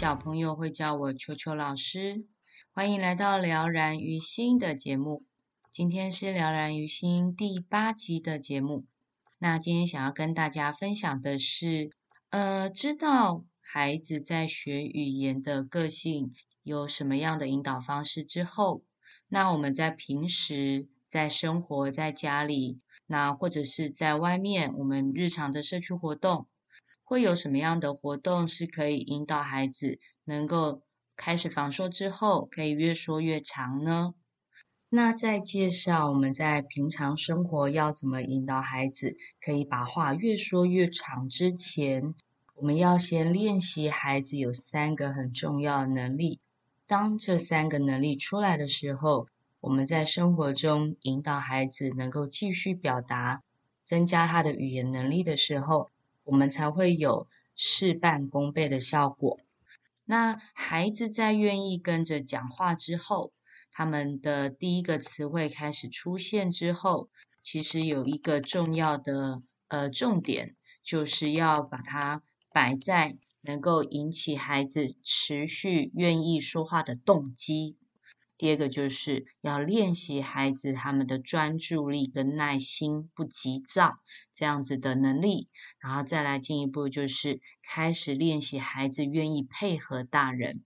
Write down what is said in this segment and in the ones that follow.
小朋友會叫我球球老師，歡迎來到療燃於心的節目。今天是療燃於心第八集的節目。那今天想要跟大家分享的是，呃，知道孩子在學語言的個性有什麼樣的引導方式之後，那我們在平時在生活在家裡，那或者是在外面，我們日常的社區活動。會有什麼樣的活動是可以引導孩子能夠開始仿說之後，可以越說越長呢？那在介紹我們在平常生活要怎麼引導孩子可以把話越說越長之前，我們要先練習孩子有三個很重要的能力。當這三個能力出來的時候，我們在生活中引導孩子能夠繼續表達，增加他的語言能力的時候。我們才會有事半功倍的效果。那孩子在願意跟着講話之後，他們的第一個詞彙開始出現之後，其實有一個重要的呃重點，就是要把它擺在能夠引起孩子持續願意說話的動機。第二個就是要練習孩子他們的專注力跟耐心、不急躁這樣子的能力，然後再來進一步就是開始練習孩子願意配合大人。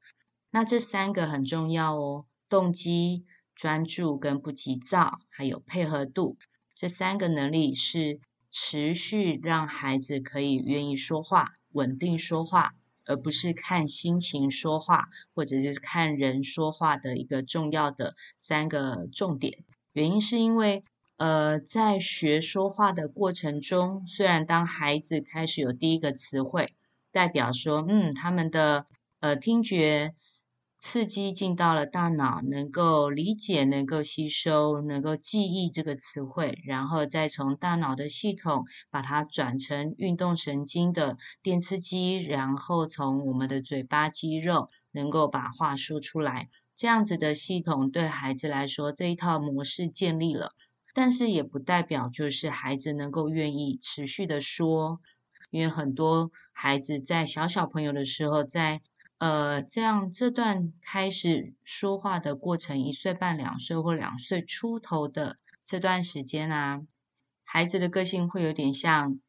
那這三個很重要哦，動機、專注跟不急躁，還有配合度，這三個能力是持續讓孩子可以願意說話、穩定說話，而不是看心情說話，或者是看人說話的一個重要的三個重點。原因是因為，呃，在學說話的過程中，雖然當孩子開始有第一個詞彙，代表說，嗯，他們的呃聽覺。刺激進到了大腦，能夠理解、能夠吸收、能夠記憶這個詞彙，然後再從大腦的系統把它轉成運動神經的電刺激，然後從我們的嘴巴肌肉能夠把話說出來。這樣子的系統對孩子來說，這一套模式建立了，但是也不代表就是孩子能夠願意持續的說，因為很多孩子在小小朋友的時候，在。呃，這樣這段開始說話的過程，一歲半、兩歲或兩歲出頭的這段時間啊，孩子的個性會有點像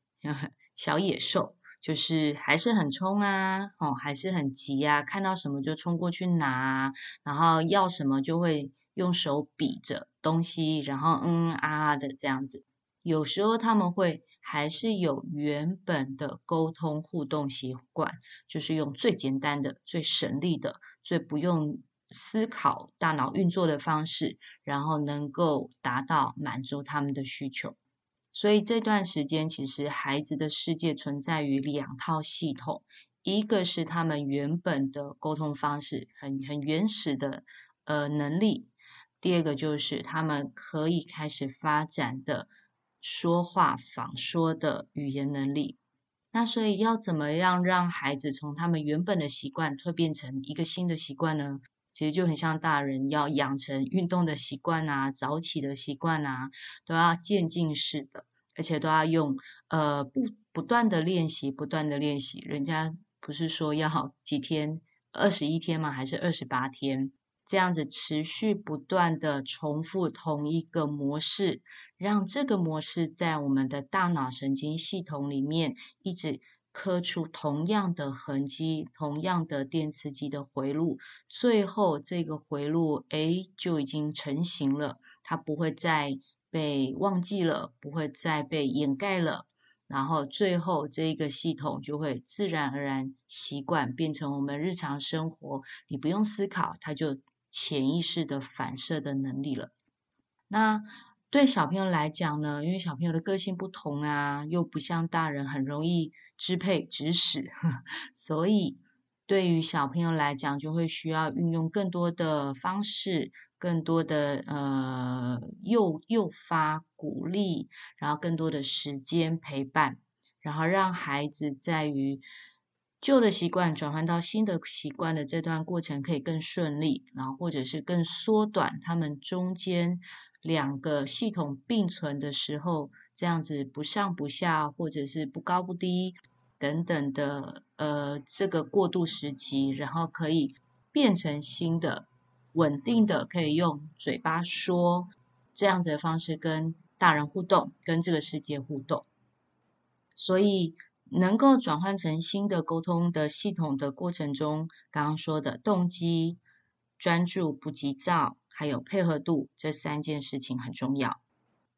小野獸，就是還是很衝啊，哦，還是很急啊，看到什麼就衝過去拿，然後要什麼就會用手比着東西，然後嗯啊啊的這樣子。有時候他們會還是有原本的溝通互動習慣，就是用最簡單的、最省力的、最不用思考大腦運作的方式，然後能夠達到滿足他們的需求。所以這段時間，其實孩子的世界存在於兩套系統：一個是他們原本的溝通方式，很很原始的呃能力；第二個就是他們可以開始發展的。說話仿說的語言能力，那所以要怎麼樣讓孩子從他們原本的習慣蛻變成一個新的習慣呢？其實就很像大人要養成運動的習慣啊，早起的習慣啊，都要漸進式的，而且都要用呃不不斷的練習，不斷的練習。人家不是說要好幾天，二十一天嗎？還是二十八天？這樣子持續不斷地重複同一個模式，讓這個模式在我們的大腦神經系統裡面一直刻出同樣的痕跡、同樣的電刺激的迴路，最後這個迴路誒就已經成型了，它不會再被忘記了，不會再被掩蓋了，然後最後這個系統就會自然而然習慣，變成我們日常生活，你不用思考它就。潛意識的反射的能力了。那對小朋友來講呢？因為小朋友的個性不同啊，又不像大人很容易支配指使，呵呵，所以對於小朋友來講，就會需要運用更多的方式，更多的呃誘誘發鼓勵，然後更多的時間陪伴，然後讓孩子在於。舊的習慣轉換到新的習慣的這段過程可以更順利，然後或者是更縮短他們中間兩個系統並存的時候，這樣子不上不下或者是不高不低等等的，呃，這個過渡時期，然後可以變成新的穩定的，可以用嘴巴說這樣子的方式跟大人互動，跟這個世界互動，所以。能夠轉換成新的溝通的系統的過程中，剛剛說的動機、專注、不急躁，還有配合度這三件事情很重要。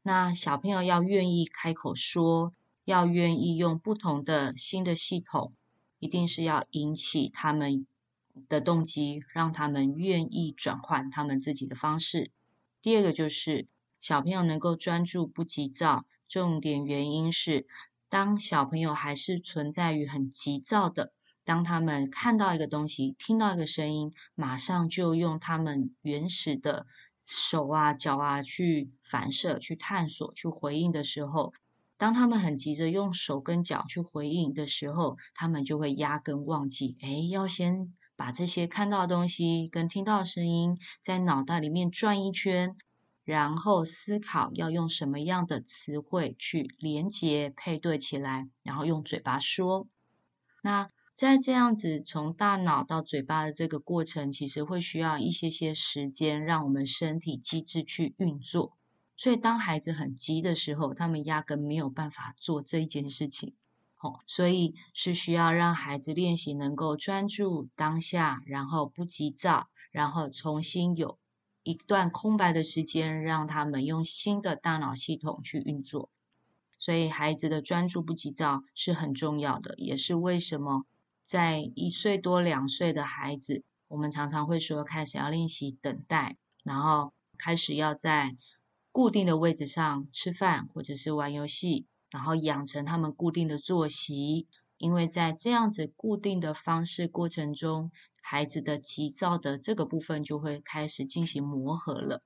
那小朋友要願意開口說，要願意用不同的新的系統，一定是要引起他們的動機，讓他們願意轉換他們自己的方式。第二個就是小朋友能夠專注、不急躁，重點原因是。當小朋友還是存在於很急躁的，當他們看到一個東西、聽到一個聲音，馬上就用他們原始的手啊、腳啊去反射、去探索、去回應的時候，當他們很急着用手跟腳去回應的時候，他們就會壓根忘記，誒，要先把這些看到的東西跟聽到的聲音在腦袋裡面轉一圈。然後思考要用什麼樣的詞彙去連接配對起來，然後用嘴巴說。那在這樣子從大腦到嘴巴的這個過程，其實會需要一些些時間，讓我們身體機制去運作。所以當孩子很急的時候，他們壓根沒有辦法做這一件事情。好、哦，所以是需要讓孩子練習能夠專注當下，然後不急躁，然後重新有。一段空白的時間，讓他們用新的大腦系統去運作。所以孩子的專注不急躁是很重要的，也是為什麼在一歲多兩歲的孩子，我們常常會說開始要練習等待，然後開始要在固定的位置上吃飯或者是玩遊戲，然後養成他們固定的作息。因為在這樣子固定的方式過程中，孩子的急躁的這個部分就會開始進行磨合了。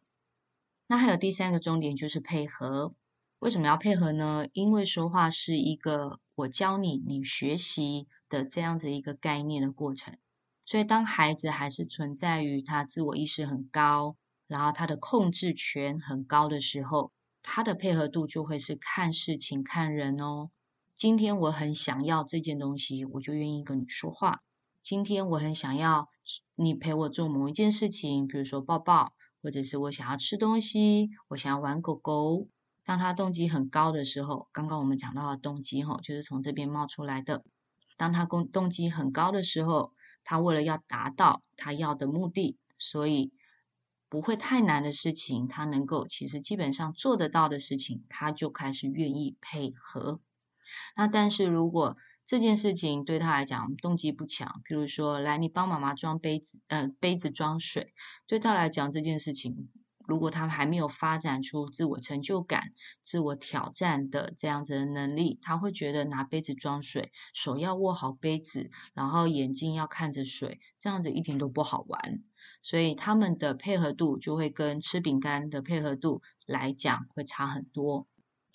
那還有第三個重點就是配合。為什麼要配合呢？因為說話是一個我教你你學習的這樣子一個概念的過程。所以當孩子還是存在於他自我意識很高，然後他的控制權很高的時候，他的配合度就會是看事情看人哦。今天我很想要這件東西，我就願意跟你說話。今天我很想要你陪我做某一件事情，比如說抱抱，或者是我想要吃東西，我想要玩狗狗。當他動機很高的時候，剛剛我們講到的動機，吼，就是從這邊冒出來的。當他動機很高的時候，他為了要達到他要的目的，所以不會太難的事情，他能夠其實基本上做得到的事情，他就開始願意配合。那但是如果，這件事情對他來講動機不強，比如說，來你幫媽媽裝杯子，呃，杯子裝水，對他來講這件事情，如果他還沒有發展出自我成就感、自我挑戰的這樣子的能力，他會覺得拿杯子裝水，手要握好杯子，然後眼睛要看着水，這樣子一點都不好玩，所以他們的配合度就會跟吃餅乾的配合度來講會差很多，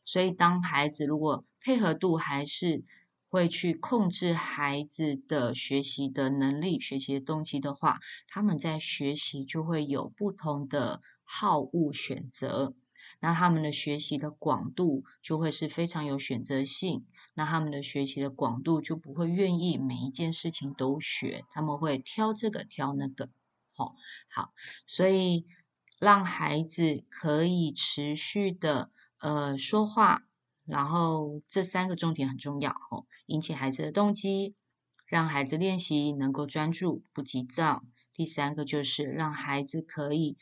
所以當孩子如果配合度還是，會去控制孩子的學習的能力、學習的東西的話，他們在學習就會有不同的好惡選擇，那他們的學習的廣度就會是非常有選擇性，那他們的學習的廣度就不會願意每一件事情都學，他們會挑這個挑那個，吼、哦、好，所以讓孩子可以持續的呃說話。然後這三個重點很重要哦，引起孩子的動機，讓孩子練習能夠專注、不急躁。第三個就是讓孩子可以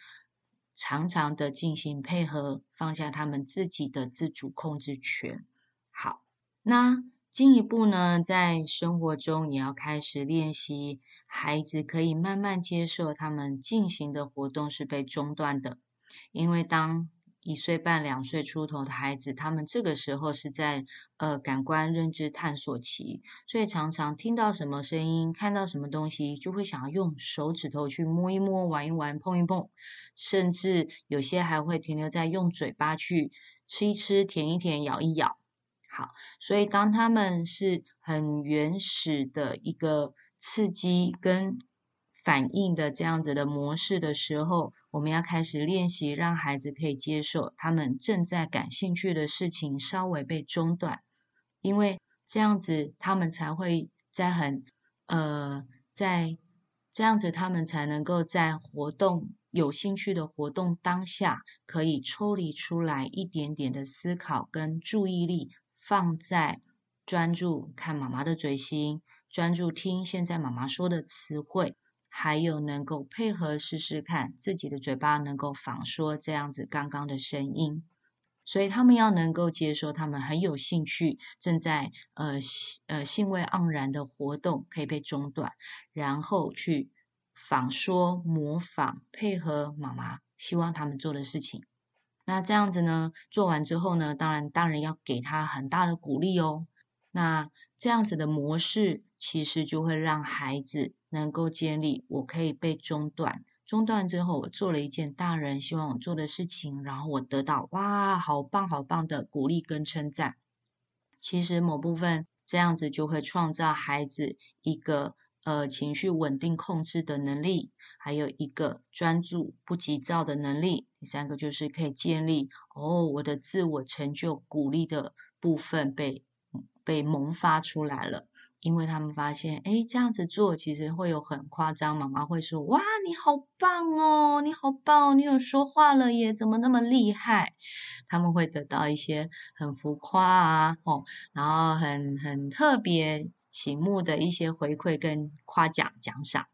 常常的進行配合，放下他們自己的自主控制權。好，那進一步呢，在生活中也要開始練習，孩子可以慢慢接受他們進行的活動是被中斷的，因為當。一歲半、兩歲出頭的孩子，他們這個時候是在呃感官認知探索期，所以常常聽到什麼聲音、看到什麼東西，就會想要用手指頭去摸一摸、玩一玩、碰一碰，甚至有些還會停留在用嘴巴去吃一吃、舔一舔、咬一咬。好，所以當他們是很原始的一個刺激跟。反應的這樣子的模式的時候，我們要開始練習，讓孩子可以接受他們正在感興趣的事情稍微被中斷，因為這樣子他們才會在很呃在這樣子他們才能夠在活動有興趣的活動當下，可以抽離出來一點點的思考跟注意力，放在專注看媽媽的嘴型，專注聽現在媽媽說的詞彙。還有能夠配合試試看自己的嘴巴能夠仿說這樣子剛剛的聲音，所以他們要能夠接受，他們很有興趣，正在呃呃興味盎然的活動可以被中斷，然後去仿說模仿配合媽媽希望他們做的事情。那這樣子呢，做完之後呢，當然當然要給他很大的鼓勵哦。那這樣子的模式，其實就會讓孩子能夠建立“我可以被中斷”，中斷之後，我做了一件大人希望我做的事情，然後我得到“哇，好棒，好棒”的鼓勵跟稱讚。其實某部分這樣子就會創造孩子一個呃情緒穩定控制的能力，還有一個專注不急躁的能力。第三個就是可以建立“哦，我的自我成就鼓勵的部分被”。被萌發出來了，因為他們發現，哎，這樣子做其實會有很誇張。媽媽會說：“哇，你好棒哦，你好棒哦，你有說話了耶，怎麼那麼厲害？”他們會得到一些很浮誇啊，哦，然後很很特別醒目的一些回饋跟誇獎獎賞。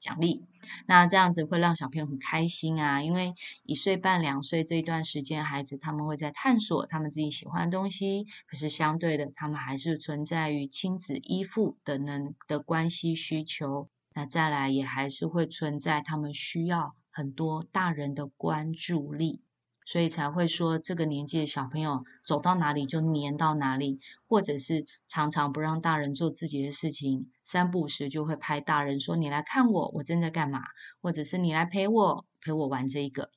獎勵，那這樣子會讓小朋友很開心啊！因為一歲半、兩歲這一段時間，孩子他們會在探索他們自己喜歡的東西，可是相對的，他們還是存在於親子依附等等的關係需求。那再來，也還是會存在他們需要很多大人的關注力。所以才會說，這個年紀的小朋友走到哪裡就黏到哪裡，或者是常常不讓大人做自己的事情，三不五時就會拍大人說：“你來看我，我正在幹嘛？”或者是“你來陪我，陪我玩這個。”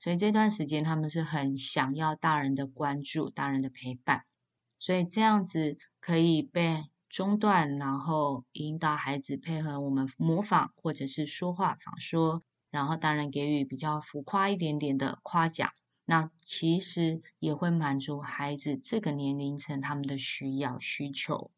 所以這段時間他們是很想要大人的關注、大人的陪伴，所以這樣子可以被中斷，然後引導孩子配合我們模仿，或者是說話仿說，然後大人給予比較浮誇一點點的誇獎。那其實也會滿足孩子這個年齡層他們的需要需求。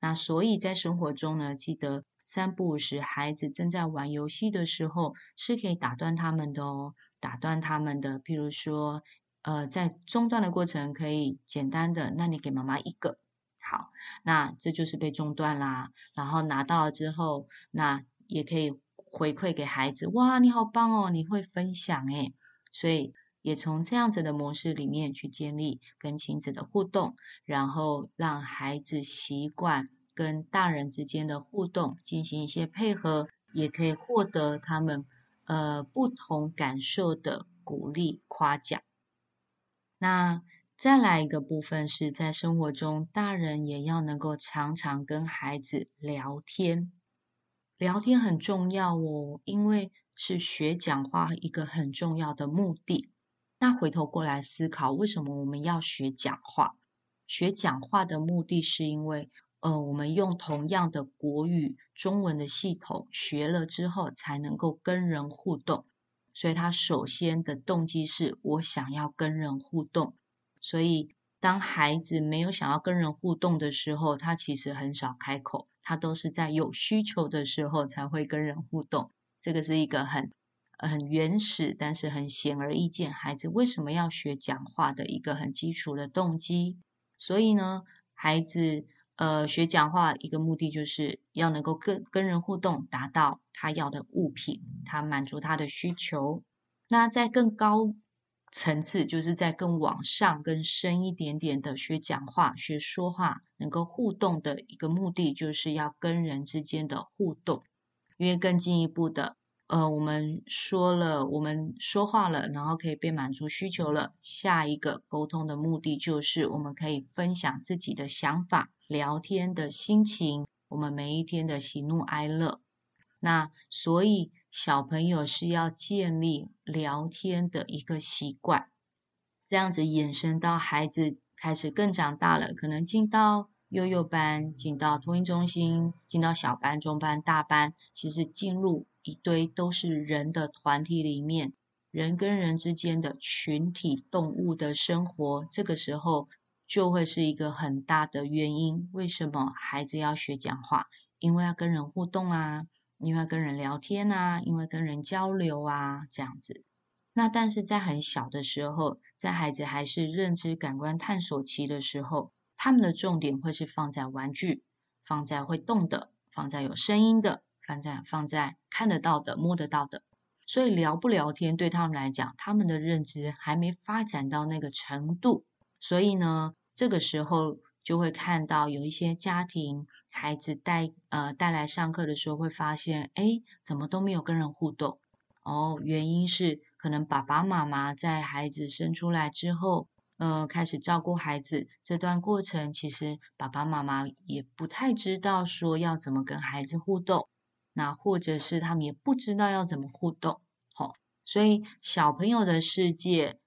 那所以在生活中呢，記得三不五時，孩子正在玩遊戲的時候是可以打斷他們的哦，打斷他們的。譬如說，呃，在中斷的過程可以簡單的，那你給媽媽一個。好，那這就是被中斷啦。然後拿到了之後，那也可以回饋給孩子，哇，你好棒哦，你會分享誒，所以。也從這樣子的模式裡面去建立跟親子的互動，然後讓孩子習慣跟大人之間的互動，進行一些配合，也可以獲得他們呃不同感受的鼓勵誇獎。那再來一個部分是在生活中，大人也要能夠常常跟孩子聊天。聊天很重要哦，因為是學講話一個很重要的目的。那回頭過來思考，為什麼我們要學講話？學講話的目的是因為，呃，我們用同樣的國語中文的系統學了之後，才能夠跟人互動。所以他首先的動機是我想要跟人互動。所以當孩子沒有想要跟人互動的時候，他其實很少開口，他都是在有需求的時候才會跟人互動。這個是一個很。呃，很原始，但是很顯而易見，孩子為什麼要學講話的一個很基礎的動機。所以呢，孩子呃學講話一個目的就是要能夠跟跟人互動，達到他要的物品，他滿足他的需求。那在更高層次，就是在更往上、更深一點點的學講話、學說話，能夠互動的一個目的，就是要跟人之間的互動，因為更進一步的。呃，我們說了，我們說話了，然後可以被滿足需求了。下一個溝通的目的就是，我們可以分享自己的想法、聊天的心情，我們每一天的喜怒哀樂。那所以，小朋友是要建立聊天的一個習慣，這樣子衍生到孩子開始更長大了，可能進到幼幼班，進到托育中心，進到小班、中班、大班，其實進入。一堆都是人的團體裡面，人跟人之間的群體動物的生活，這個時候就會是一個很大的原因。為什麼孩子要學講話？因為要跟人互動啊，因為要跟人聊天啊，因為跟人交流啊，這樣子。那但是在很小的時候，在孩子還是認知感官探索期的時候，他們的重點會是放在玩具，放在會動的，放在有聲音的。放在放在看得到的、摸得到的，所以聊不聊天對他們來講，他們的認知還沒發展到那個程度。所以呢，這個時候就會看到有一些家庭孩子帶呃帶來上課的時候，會發現，哎，怎麼都沒有跟人互動哦。原因是可能爸爸媽媽在孩子生出來之後，呃，開始照顧孩子這段過程，其實爸爸媽媽也不太知道說要怎麼跟孩子互動。那或者是他們也不知道要怎麼互動，好，所以小朋友的世界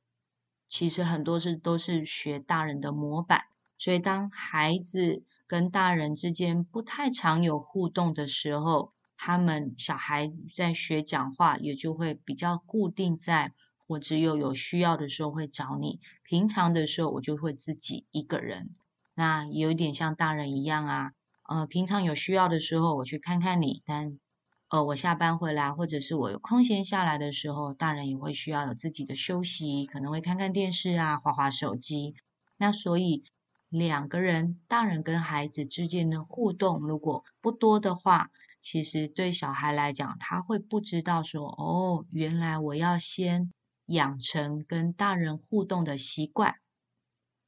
其實很多事都是學大人的模板。所以當孩子跟大人之間不太常有互動的時候，他們小孩在學講話也就會比較固定在我只有有需要的時候會找你，平常的時候我就會自己一個人。那有點像大人一樣啊。呃，平常有需要的時候，我去看看你。但，呃，我下班回來，或者是我有空閒下來的時候，大人也會需要有自己的休息，可能會看看電視啊，滑滑手機。那所以，兩個人，大人跟孩子之間的互動如果不多的話，其實對小孩來講，他會不知道說，哦，原來我要先養成跟大人互動的習慣。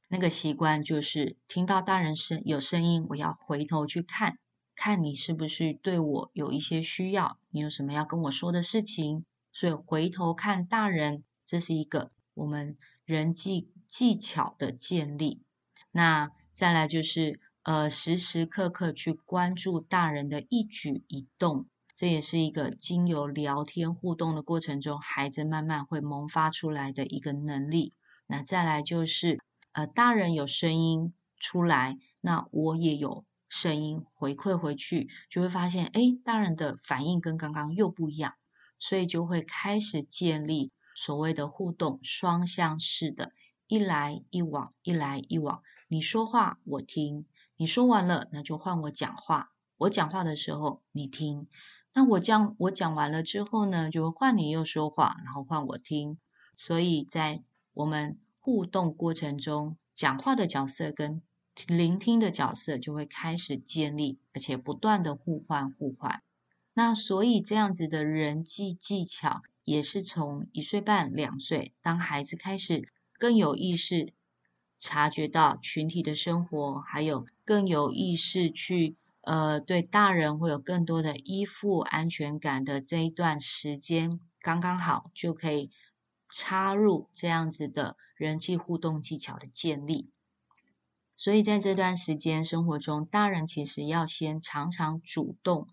那個習慣就是聽到大人聲有聲音，我要回頭去看看你是不是對我有一些需要，你有什麼要跟我說的事情。所以回頭看大人，這是一個我們人際技巧的建立。那再來就是呃，時時刻刻去關注大人的一舉一動，這也是一個經由聊天互動的過程中，孩子慢慢會萌發出來的一個能力。那再來就是。呃，大人有聲音出來，那我也有聲音回饋回去，就會發現，哎，大人的反應跟剛剛又不一樣，所以就會開始建立所謂的互動雙向式的，一來一往，一來一往，你說話我聽，你說完了，那就換我講話，我講話的時候你聽，那我講，我講完了之後呢，就會換你又說話，然後換我聽，所以在我們。互動過程中，講話的角色跟聆聽的角色就會開始建立，而且不斷的互換互換。那所以這樣子的人際技巧，也是從一歲半、兩歲，當孩子開始更有意識察覺到群體的生活，還有更有意識去呃對大人會有更多的依附安全感的這一段時間，剛剛好就可以。插入這樣子的人際互動技巧的建立，所以在這段時間生活中，大人其實要先常常主動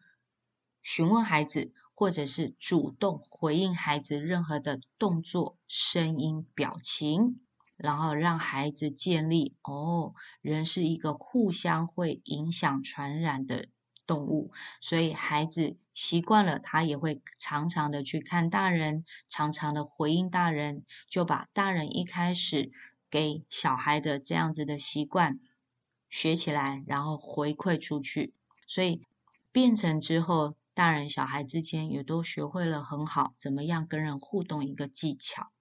詢問孩子，或者是主動回應孩子任何的動作、聲音、表情，然後讓孩子建立哦，人是一個互相會影響傳染的動物，所以孩子。習慣了，他也會常常的去看大人，常常的回應大人，就把大人一開始給小孩的這樣子的習慣學起來，然後回饋出去。所以變成之後，大人小孩之間也都學會了很好，怎麼樣跟人互動一個技巧。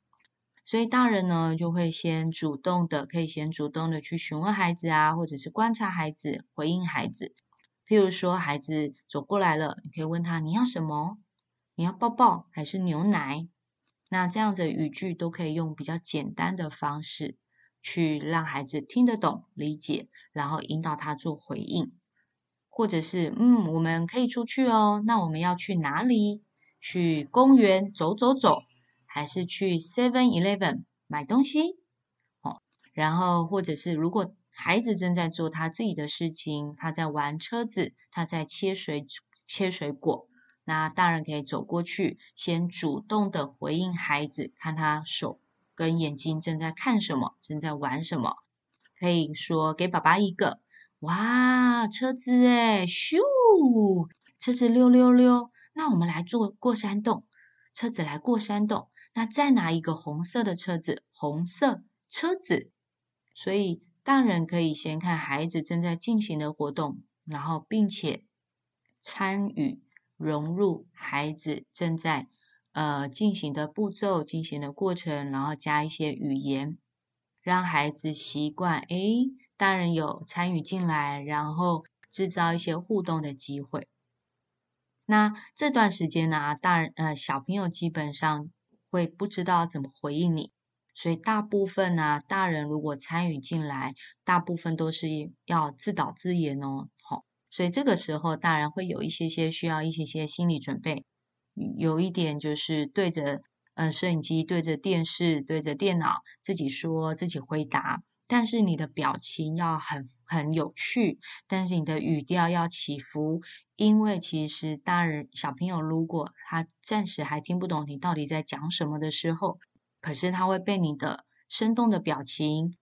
所以大人呢，就會先主動的，可以先主動的去詢問孩子啊，或者是觀察孩子，回應孩子。譬如說，孩子走過來了，你可以問他：“你要什麼？你要抱抱還是牛奶？”那這樣子語句都可以用比較簡單的方式去讓孩子聽得懂、理解，然後引導他做回應，或者是“嗯，我們可以出去哦。那我們要去哪裡？去公園走走走，還是去 Seven Eleven 買東西？哦，然後或者是如果……孩子正在做他自己的事情，他在玩車子，他在切水切水果。那大人可以走過去，先主動的回應孩子，看他手跟眼睛正在看什麼，正在玩什麼。可以說給寶寶一個哇，車子誒，咻，車子溜溜溜。那我們來坐過山洞，車子來過山洞。那再拿一個紅色的車子，紅色車子，所以。大人可以先看孩子正在進行的活動，然後並且參與融入孩子正在呃進行的步驟、進行的過程，然後加一些語言，讓孩子習慣，誒，大人有參與進來，然後制造一些互動的機會。那這段時間呢，大人呃小朋友基本上會不知道怎麼回應你。所以大部分啊，大人如果參與進來，大部分都是要自導自演哦。好、哦，所以這個時候大人會有一些些需要一些些心理準備，有一點就是對着嗯、呃、攝影機、對着電視、對着電腦自己說自己回答，但是你的表情要很很有趣，但是你的語調要起伏，因為其實大人小朋友如果他暫時還聽不懂你到底在講什麼的時候。可是他會被你的生動的表情、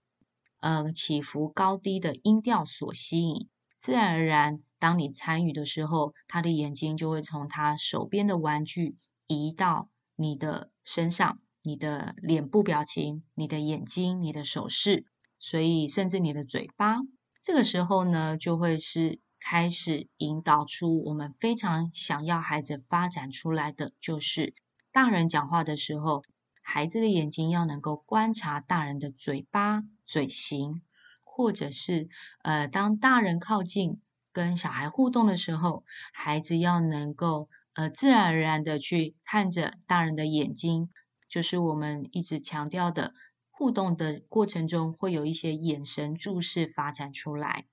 呃，起伏高低的音調所吸引。自然而然，當你參與的時候，他的眼睛就會從他手邊的玩具移到你的身上、你的臉部表情、你的眼睛、你的手勢，所以甚至你的嘴巴。這個時候呢，就會是開始引導出我們非常想要孩子發展出來的，就是大人講話的時候。孩子的眼睛要能夠觀察大人的嘴巴、嘴型，或者是呃，當大人靠近跟小孩互動的時候，孩子要能夠呃自然而然的去看着大人的眼睛，就是我們一直強調的，互動的過程中會有一些眼神注視發展出來。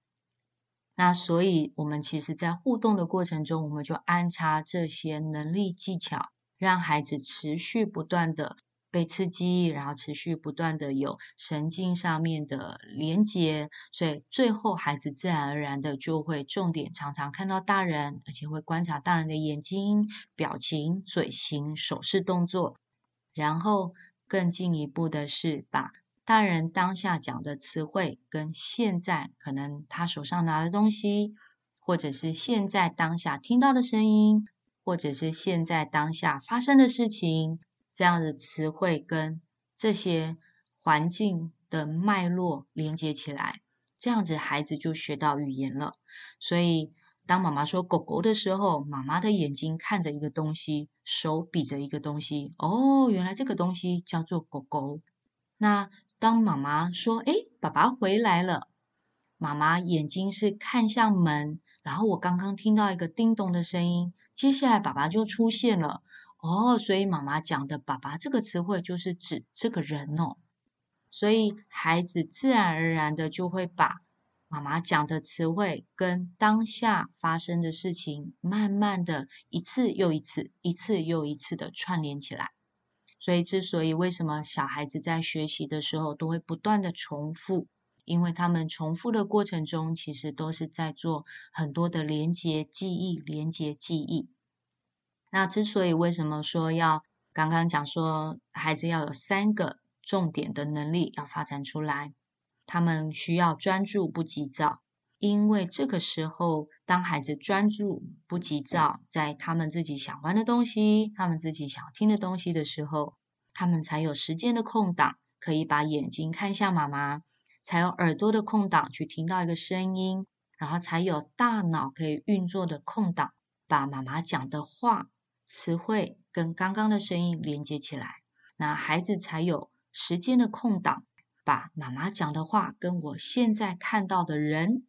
那所以，我們其實，在互動的過程中，我們就安插這些能力技巧，讓孩子持續不斷的。被刺激，然後持續不斷的有神經上面的連接，所以最後孩子自然而然的就會重點常常看到大人，而且會觀察大人的眼睛、表情、嘴型、手勢動作。然後更進一步的是，把大人當下講的詞彙，跟現在可能他手上拿的東西，或者是現在當下聽到的聲音，或者是現在當下發生的事情。這樣子詞彙跟這些環境的脈絡連接起來，這樣子孩子就學到語言了。所以，當媽媽說“狗狗”的時候，媽媽的眼睛看着一個東西，手比着一個東西，哦，原來這個東西叫做狗狗。那當媽媽說“誒，爸爸回來了”，媽媽眼睛是看向門，然後我剛剛聽到一個叮咚的聲音，接下來爸爸就出現了。哦，oh, 所以媽媽講的“爸爸”這個詞彙就是指這個人哦，所以孩子自然而然的就會把媽媽講的詞彙跟當下發生的事情，慢慢的一次又一次、一次又一次的串聯起來。所以，之所以為什麼小孩子在學習的時候都會不斷的重複，因為他們重複的過程中，其實都是在做很多的連接記憶、連接記憶。那之所以為什麼說要剛剛講說孩子要有三個重點的能力要發展出來，他們需要專注不急躁，因為這個時候當孩子專注不急躁，在他們自己想玩的東西、他們自己想聽的東西的時候，他們才有時間的空檔，可以把眼睛看向媽媽，才有耳朵的空檔去聽到一個聲音，然後才有大腦可以運作的空檔，把媽媽講的話，詞彙跟剛剛的聲音連接起來，那孩子才有時間的空檔，把媽媽講的話跟我現在看到的人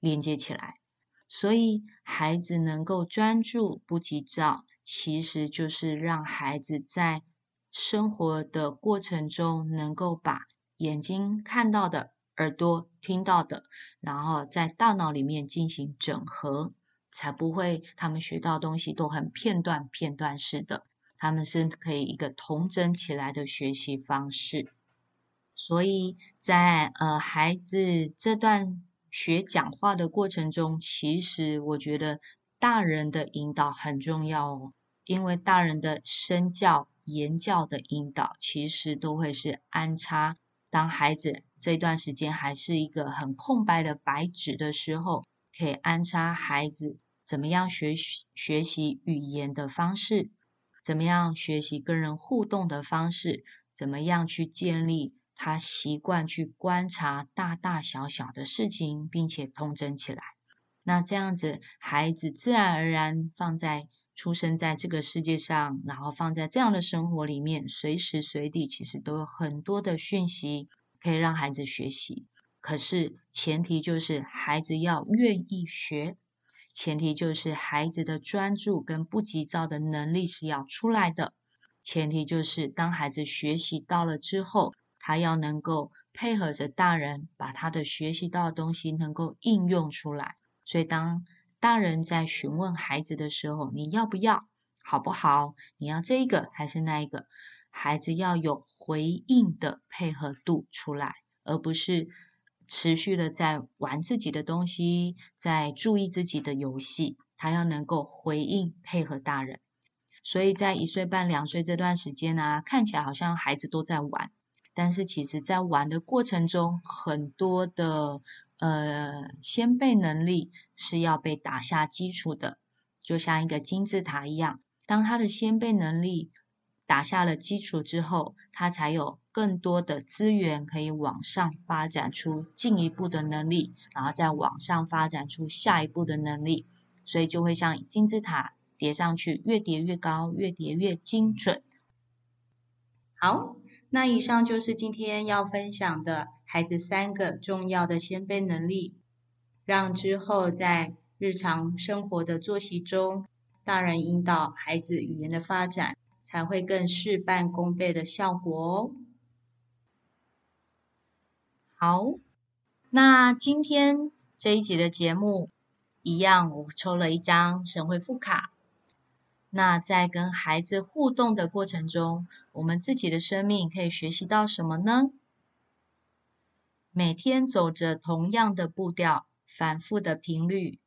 連接起來。所以，孩子能夠專注不急躁，其實就是讓孩子在生活的過程中，能夠把眼睛看到的、耳朵聽到的，然後在大腦裡面進行整合。才不會，他們學到東西都很片段、片段式的。他們是可以一個統整起來的學習方式。所以在，在呃孩子這段學講話的過程中，其實我覺得大人的引導很重要哦。因為大人的身教、言教的引導，其實都會是安插，當孩子這段時間還是一個很空白的白紙的時候。可以安插孩子怎麼樣學學習語言的方式，怎麼樣學習跟人互動的方式，怎麼樣去建立他習慣去觀察大大小小的事情，並且統整起來。那這樣子，孩子自然而然放在出生在這個世界上，然後放在這樣的生活裡面，隨時隨地其實都有很多的訊息可以讓孩子學習。可是前提就是孩子要願意學，前提就是孩子的專注跟不急躁的能力是要出來的，前提就是當孩子學習到了之後，他要能夠配合着大人把他的學習到的東西能夠應用出來。所以當大人在詢問孩子的時候，你要不要，好不好，你要這一個還是那一個，孩子要有回應的配合度出來，而不是。持續的在玩自己的東西，在注意自己的遊戲，他要能夠回應配合大人。所以在一歲半、兩歲這段時間呢、啊，看起來好像孩子都在玩，但是其實，在玩的過程中，很多的呃先備能力是要被打下基礎的，就像一個金字塔一樣。當他的先備能力打下了基礎之後，他才有。更多的資源可以往上發展出進一步的能力，然後再往上發展出下一步的能力，所以就會像金字塔疊上去，越疊越高，越疊越精準。好，那以上就是今天要分享的孩子三個重要的先備能力，讓之後在日常生活的作息中，大人引導孩子語言的發展，才會更事半功倍的效果哦。好，那今天這一集的節目一樣，我抽了一張神回復卡。那在跟孩子互動的過程中，我們自己的生命可以學習到什麼呢？每天走着同樣的步調，反復的頻率，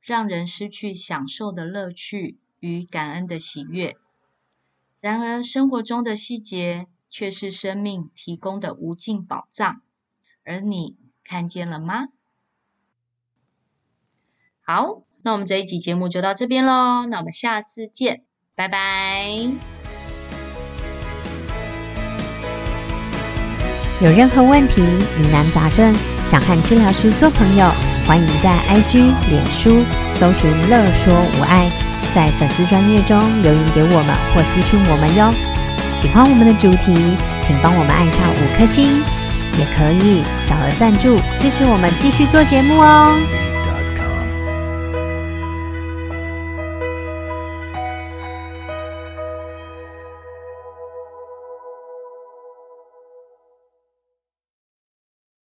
讓人失去享受的樂趣與感恩的喜悅。然而，生活中的細節卻是生命提供的無盡寶藏。而你看見了嗎？好，那我們這一集節目就到這邊嘍。那我們下次見，拜拜。有任何問題、疑難雜症，想和治療師做朋友，歡迎在 IG、臉書搜尋“樂說無礙”，在粉絲專頁中留言給我們或私訊我們喲。喜歡我們的主題，請幫我們按下五顆星。也可以小額贊助支持我們繼續做節目哦。